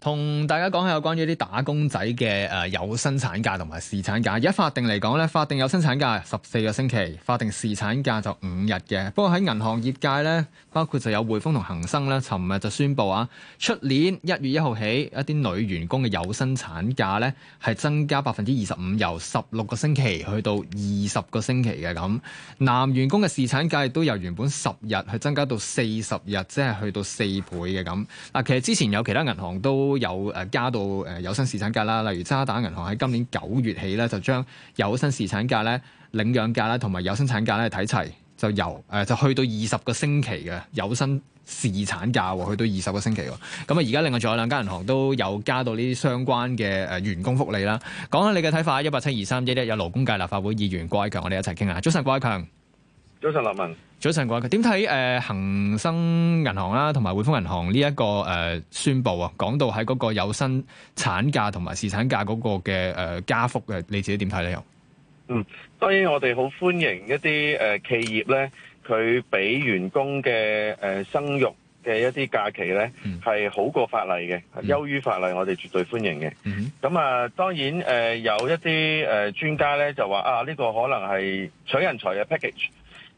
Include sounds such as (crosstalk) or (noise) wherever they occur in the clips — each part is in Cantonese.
同大家講下有關於啲打工仔嘅誒有薪產假同埋侍產假，而家法定嚟講呢法定有薪產假十四個星期，法定侍產假就五日嘅。不過喺銀行業界呢，包括就有匯豐同恒生咧，尋日就宣布啊，出年一月一號起，一啲女員工嘅有薪產假呢係增加百分之二十五，由十六個星期去到二十個星期嘅咁。男員工嘅侍產假亦都由原本十日去增加到四十日，即係去到四倍嘅咁。嗱，其實之前有其他銀行都都有誒加到誒有薪侍產假啦，例如渣打銀行喺今年九月起咧就將有薪侍產假咧領養假啦，同埋有薪產假咧睇齊就由誒、呃、就去到二十個星期嘅有薪侍產假，去到二十個星期。咁啊而家另外仲有兩間銀行都有加到呢啲相關嘅誒員工福利啦。講下你嘅睇法，一八七二三一一，有勞工界立法會議員郭偉強，我哋一齊傾下。早晨，郭偉強。.早晨，立文。早晨，郭生。點睇誒恒生銀行啦、啊，同埋匯豐銀行呢、這、一個誒、呃、宣布啊，講到喺嗰個有薪產假同埋侍產假嗰個嘅誒加幅嘅，你自己點睇咧？又嗯，當然我哋好歡迎一啲誒、呃、企業咧，佢俾員工嘅誒、呃、生育嘅一啲假期咧，係、嗯、好過法例嘅，優、嗯、於法例，我哋絕對歡迎嘅。咁、嗯、啊、呃，當然誒、呃、有一啲誒專家咧就話啊呢、這個可能係取人才嘅 package。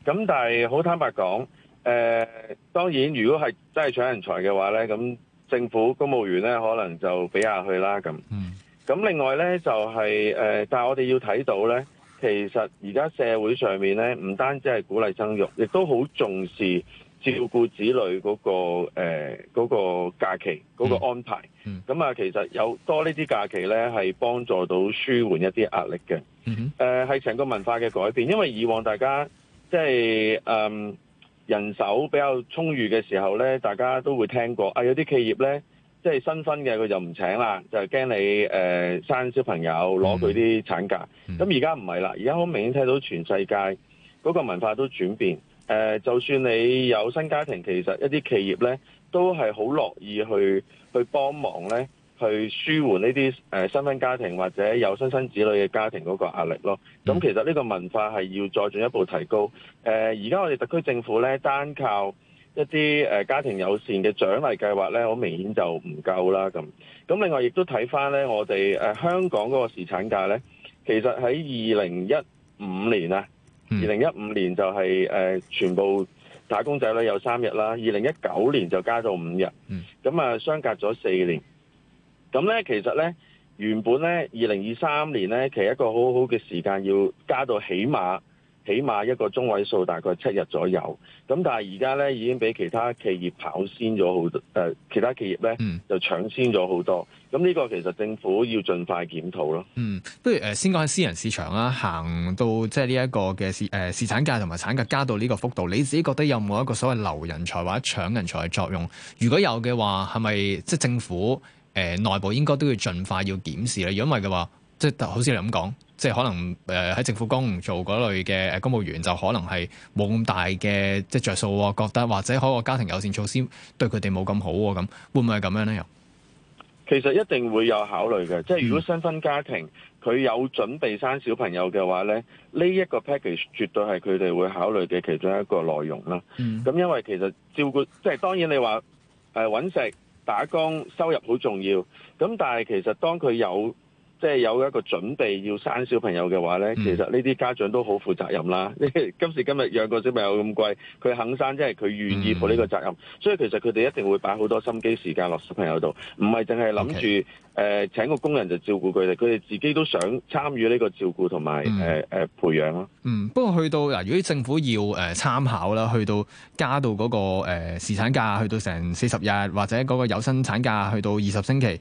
咁但係好坦白講，誒、呃，當然如果係真係搶人才嘅話咧，咁政府公務員咧可能就俾下去啦。咁，咁、嗯、另外咧就係、是、誒、呃，但係我哋要睇到咧，其實而家社會上面咧，唔單止係鼓勵生育，亦都好重視照顧子女嗰、嗰個誒嗰、呃嗰個假期嗰、嗰個安排。咁、嗯、啊，嗯、其實有多呢啲假期咧，係幫助到舒緩一啲壓力嘅。誒、嗯，係、呃、成個文化嘅改變，因為以往大家。即係誒、嗯、人手比較充裕嘅時候咧，大家都會聽過。啊，有啲企業咧，即係新婚嘅佢就唔請啦，就係驚你、呃、生小朋友攞佢啲產假。咁而家唔係啦，而家好明顯睇到全世界嗰個文化都轉變、呃。就算你有新家庭，其實一啲企業咧都係好樂意去去幫忙咧。去舒緩呢啲誒新婚家庭或者有新生子女嘅家庭嗰個壓力咯。咁其實呢個文化係要再進一步提高。誒而家我哋特區政府咧單靠一啲、呃、家庭友善嘅獎勵計劃咧，好明顯就唔夠啦。咁咁另外亦都睇返咧，我哋、呃、香港嗰個侍產假咧，其實喺二零一五年啊，二零一五年就係、是呃、全部打工仔咧有三日啦。二零一九年就加到五日。咁、嗯、啊，相隔咗四年。咁咧，其實咧，原本咧，二零二三年咧，其實一個好好嘅時間，要加到起碼起碼一個中位數，大概七日左右。咁但係而家咧，已經俾其他企業跑先咗好多、呃，其他企業咧就搶先咗好多。咁呢個其實政府要盡快檢討咯。嗯，不如誒，先講喺私人市場啦，行到即係呢一個嘅侍、呃、侍產假同埋產假加到呢個幅度，你自己覺得有冇一個所謂留人才或者搶人才嘅作用？如果有嘅話，係咪即係政府？誒、呃、內部應該都要盡快要檢視咧，如果唔係嘅話，即係好似你咁講，即係可能誒喺、呃、政府公務做嗰類嘅、呃、公務員，就可能係冇咁大嘅即係著數喎，覺得或者可能家庭友善措施對佢哋冇咁好喎，咁會唔會係咁樣呢？又其實一定會有考慮嘅，即係如果新婚家庭佢、嗯、有準備生小朋友嘅話咧，呢、這、一個 package 絕對係佢哋會考慮嘅其中一個內容啦。咁、嗯、因為其實照顧即係當然你話誒搵食。打工收入好重要，咁但係其實，當佢有。即係有一個準備要生小朋友嘅話呢，其實呢啲家長都好負責任啦。嗯、 (laughs) 今時今日養個小朋友咁貴，佢肯生即係佢願意負呢個責任、嗯，所以其實佢哋一定會擺好多心機時間落小朋友度，唔係淨係諗住誒請個工人就照顧佢哋，佢哋自己都想參與呢個照顧同埋誒誒培養咯。嗯，不過去到嗱、呃，如果政府要誒、呃、參考啦，去到加到嗰、那個誒侍、呃、產假，去到成四十日，或者嗰個有薪產假，去到二十星期。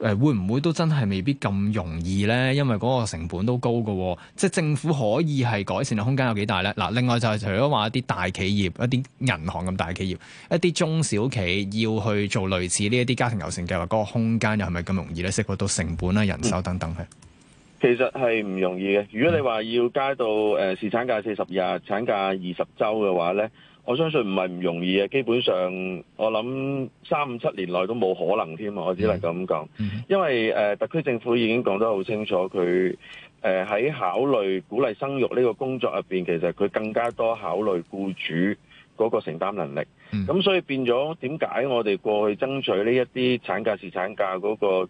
誒會唔會都真係未必咁容易呢？因為嗰個成本都高嘅、哦，即政府可以係改善嘅空間有幾大呢？嗱，另外就係除咗話一啲大企業、一啲銀行咁大企業、一啲中小企要去做類似呢一啲家庭友善計劃，嗰、嗰個空間又係咪咁容易呢？涉及到成本啦、人手等等其實係唔容易嘅。如果你話要加到誒侍產假四十日、產假二十週嘅話呢。我相信唔係唔容易啊，基本上我諗三五七年內都冇可能添啊！我只能咁講，mm -hmm. 因為誒、呃、特區政府已經講得好清楚，佢誒喺考慮鼓勵生育呢個工作入邊，其實佢更加多考慮僱主嗰個承擔能力。咁、mm -hmm. 所以變咗點解我哋過去爭取呢一啲產假是產假嗰、嗰個。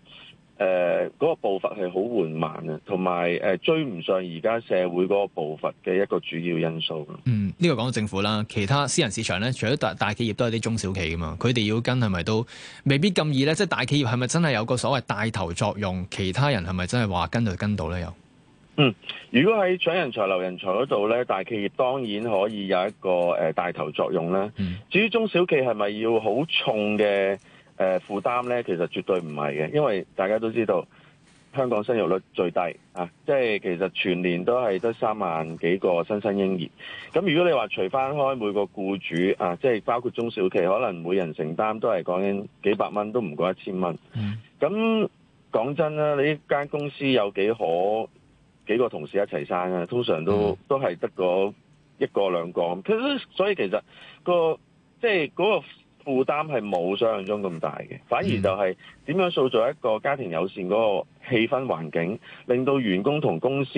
誒、呃，嗰、那個步伐係好緩慢啊，同埋誒追唔上而家社會嗰個步伐嘅一個主要因素。嗯，呢、這個講到政府啦，其他私人市場呢，除咗大大企業都係啲中小企噶嘛，佢哋要跟係咪都未必咁易呢？即係大企業係咪真係有個所謂帶頭作用？其他人係咪真係話跟就跟到呢？又嗯，如果喺搶人才留人才嗰度呢，大企業當然可以有一個誒帶、呃、頭作用啦。嗯、至於中小企係咪要好重嘅？誒、呃、負擔咧，其實絕對唔係嘅，因為大家都知道香港生育率最低啊，即係其實全年都係得三萬幾個新生嬰兒。咁如果你話除返開每個僱主啊，即係包括中小企，可能每人承擔都係講緊幾百蚊，都唔過一千蚊。咁、mm. 講真啦，你間公司有幾可幾個同事一齊生啊？通常都、mm. 都係得個一個兩個。其實所以其實個即係嗰個。即是那個負擔係冇想像中咁大嘅，反而就係點樣塑造一個家庭友善嗰個氣氛環境，令到員工同公司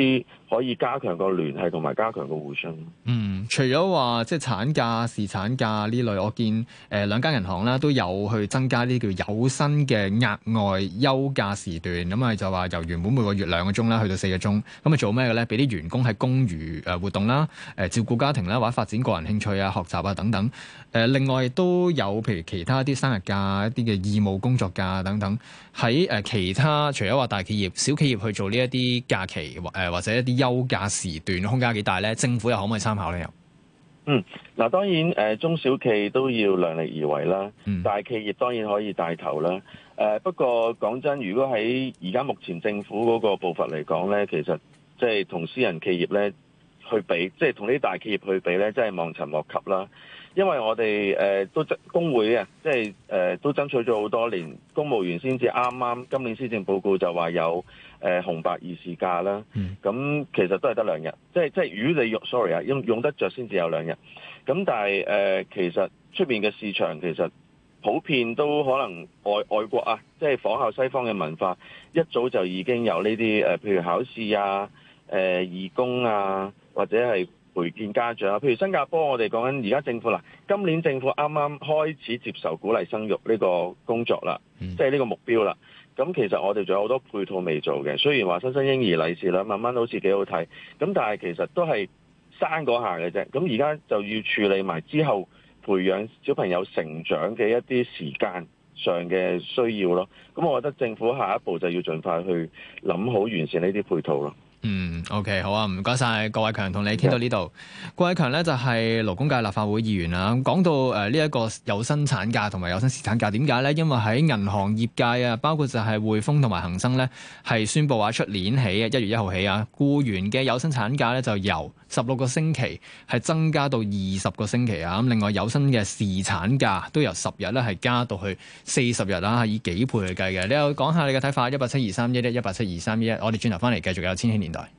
可以加強個聯繫同埋加強個互信。嗯，除咗話即係產假、侍產假呢類，我見誒、呃、兩間銀行啦都有去增加啲叫有薪嘅額外休假時段，咁咪就話由原本每個月兩個鐘啦，去到四個鐘，咁咪做咩嘅咧？俾啲員工喺公餘誒活動啦、誒、呃、照顧家庭啦或者發展個人興趣啊、學習啊等等。誒、呃，另外都有。譬如其他啲生日假、一啲嘅義務工作假等等，喺誒其他除咗話大企業、小企業去做呢一啲假期或誒或者一啲休假時段空間幾大咧？政府又可唔可以參考咧？又嗯，嗱，當然誒，中小企都要量力而為啦。大企業當然可以帶頭啦。誒，不過講真，如果喺而家目前政府嗰個步伐嚟講咧，其實即係同私人企業咧去比，即係同啲大企業去比咧，真係望塵莫及啦。因為我哋誒、呃、都爭工會啊，即係誒、呃、都爭取咗好多年，公務員先至啱啱今年施政報告就話有誒、呃、紅白二事假啦。咁、嗯、其實都係得兩日，即係即係如果你 sorry，用，sorry 啊，用用得着先至有兩日。咁但係誒、呃，其實出面嘅市場其實普遍都可能外外國啊，即、就、係、是、仿效西方嘅文化，一早就已經有呢啲誒，譬如考試啊、誒、呃、義工啊，或者係。陪見家長啊，譬如新加坡，我哋講緊而家政府啦，今年政府啱啱開始接受鼓勵生育呢個工作啦，即係呢個目標啦。咁其實我哋仲有好多配套未做嘅，雖然話新生嬰兒利是啦，慢慢好似幾好睇，咁但係其實都係生嗰下嘅啫。咁而家就要處理埋之後培養小朋友成長嘅一啲時間上嘅需要咯。咁我覺得政府下一步就要盡快去諗好完善呢啲配套咯。嗯，OK，好啊，唔該晒，yeah. 郭偉強同你傾到呢度。郭偉強咧就係、是、勞工界立法會議員啦。講到誒呢一個有薪產假同埋有薪侍產假，點解咧？因為喺銀行業界啊，包括就係匯豐同埋恒生咧，係宣布話、啊、出年起啊，一月一號起啊，雇員嘅有薪產假咧就由。十六個星期係增加到二十個星期啊！咁另外有新嘅侍產假都由十日咧係加到去四十日啦，以幾倍去計嘅。你又講下你嘅睇法？一八七二三一一一八七二三一一，我哋轉頭翻嚟繼續有千禧年代。